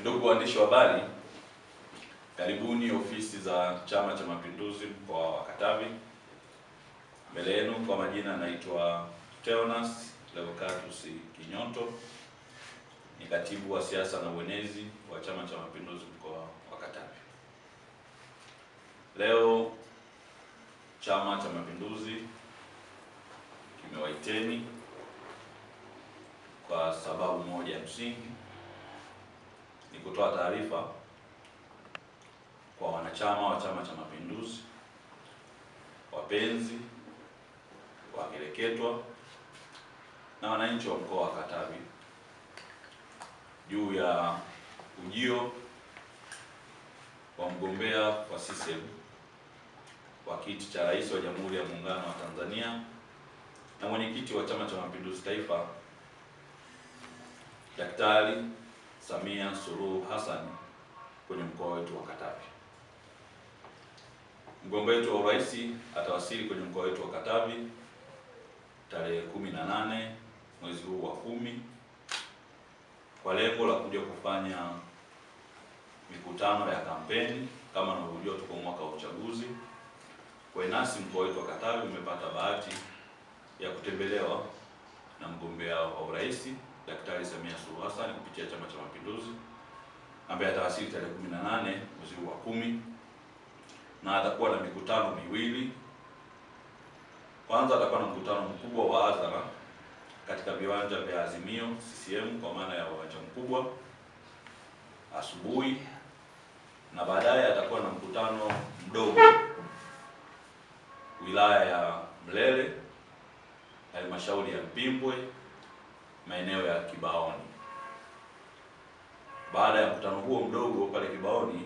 Ndugu waandishi wa habari, karibuni ofisi za Chama cha Mapinduzi mkoa wa Katavi. Mbele yenu kwa majina naitwa Theonas Leocatus Kinyoto, ni katibu wa siasa na uenezi wa Chama cha Mapinduzi mkoa wa Katavi. Leo Chama cha Mapinduzi kimewaiteni kwa sababu moja ya msingi kutoa taarifa kwa wanachama wa Chama cha Mapinduzi, wapenzi, wakereketwa na wananchi wa mkoa wa Katavi juu ya ujio wa mgombea wa CCM wa kiti cha rais wa Jamhuri ya Muungano wa Tanzania na mwenyekiti wa Chama cha Mapinduzi Taifa, Daktari Samia Suluhu Hassan kwenye mkoa wetu wa Katavi. Mgombea wetu wa urais atawasili kwenye mkoa wetu wa Katavi tarehe 18 mwezi huu wa kumi kwa lengo la kuja kufanya mikutano ya kampeni. Kama unavyojua, tuko mwaka wa uchaguzi. Kwa nasi mkoa wetu wa Katavi umepata bahati ya kutembelewa na mgombea wa urais Daktari Samia Suluhu Hassan kupitia Chama cha Mapinduzi ambaye atawasili tarehe 18 mwezi wa kumi na atakuwa na mikutano miwili. Kwanza atakuwa na mkutano mkubwa wa hadhara katika viwanja vya Azimio CCM kwa maana ya uwanja mkubwa asubuhi, na baadaye atakuwa na mkutano mdogo wilaya ya Mlele halmashauri ya Mpimbwe maeneo ya Kibaoni. Baada ya mkutano huo mdogo pale Kibaoni,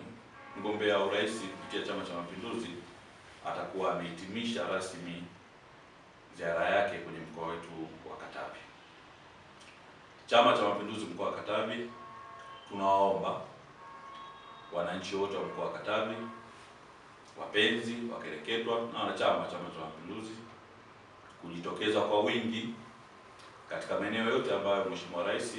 mgombea urais kupitia Chama cha Mapinduzi atakuwa amehitimisha rasmi ziara yake kwenye mkoa wetu wa Katavi. Chama cha Mapinduzi mkoa wa Katavi, tunawaomba wananchi wote wa mkoa wa Katavi, wapenzi wakereketwa na wanachama wa Chama cha Mapinduzi kujitokeza kwa wingi katika maeneo yote ambayo Mheshimiwa Rais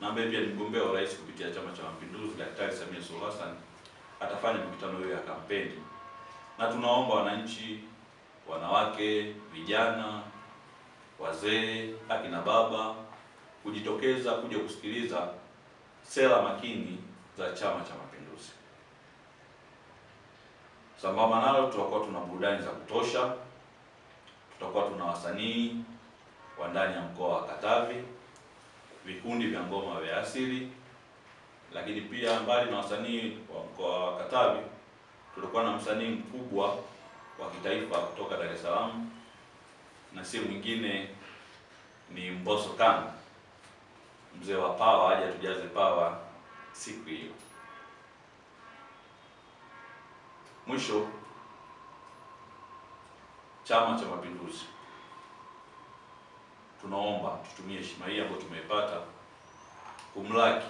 na ambaye pia ni mgombea wa rais kupitia Chama cha Mapinduzi, Daktari Samia Suluhu Hassan atafanya mikutano hiyo ya kampeni, na tunaomba wananchi, wanawake, vijana, wazee, akina baba kujitokeza kuja kusikiliza sera makini za Chama cha Mapinduzi. Sambamba nalo, tutakuwa tuna burudani za kutosha, tutakuwa tuna wasanii wa ndani ya mkoa wa Katavi, vikundi vya ngoma vya asili, lakini pia mbali na wasanii wa mkoa wa Katavi, tulikuwa na msanii mkubwa wa kitaifa kutoka Dar es Salaam na si mwingine ni Mbosso Kanga, mzee wa pawa, aje tujaze pawa siku hiyo. Mwisho, Chama cha Mapinduzi tunaomba tutumie heshima hii ambayo tumeipata kumlaki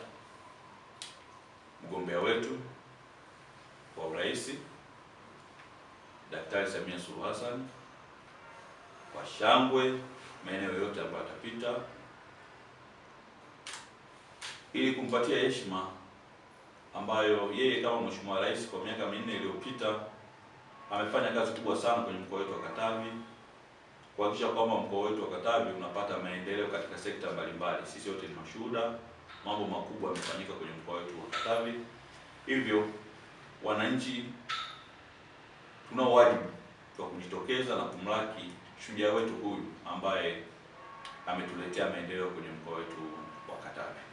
mgombea wetu wa urais Daktari Samia Suluhu Hassan kwa shangwe maeneo yote ambayo atapita ili kumpatia heshima ambayo yeye kama mheshimiwa rais kwa miaka minne iliyopita amefanya kazi kubwa sana kwenye mkoa wetu wa Katavi kuhakikisha kwamba mkoa wetu wa Katavi unapata maendeleo katika sekta mbalimbali. Sisi wote ni mashuhuda, mambo makubwa yamefanyika kwenye mkoa wetu wa Katavi. Hivyo wananchi, tunao wajibu wa kujitokeza na kumlaki shujaa wetu huyu ambaye ametuletea maendeleo kwenye mkoa wetu wa Katavi.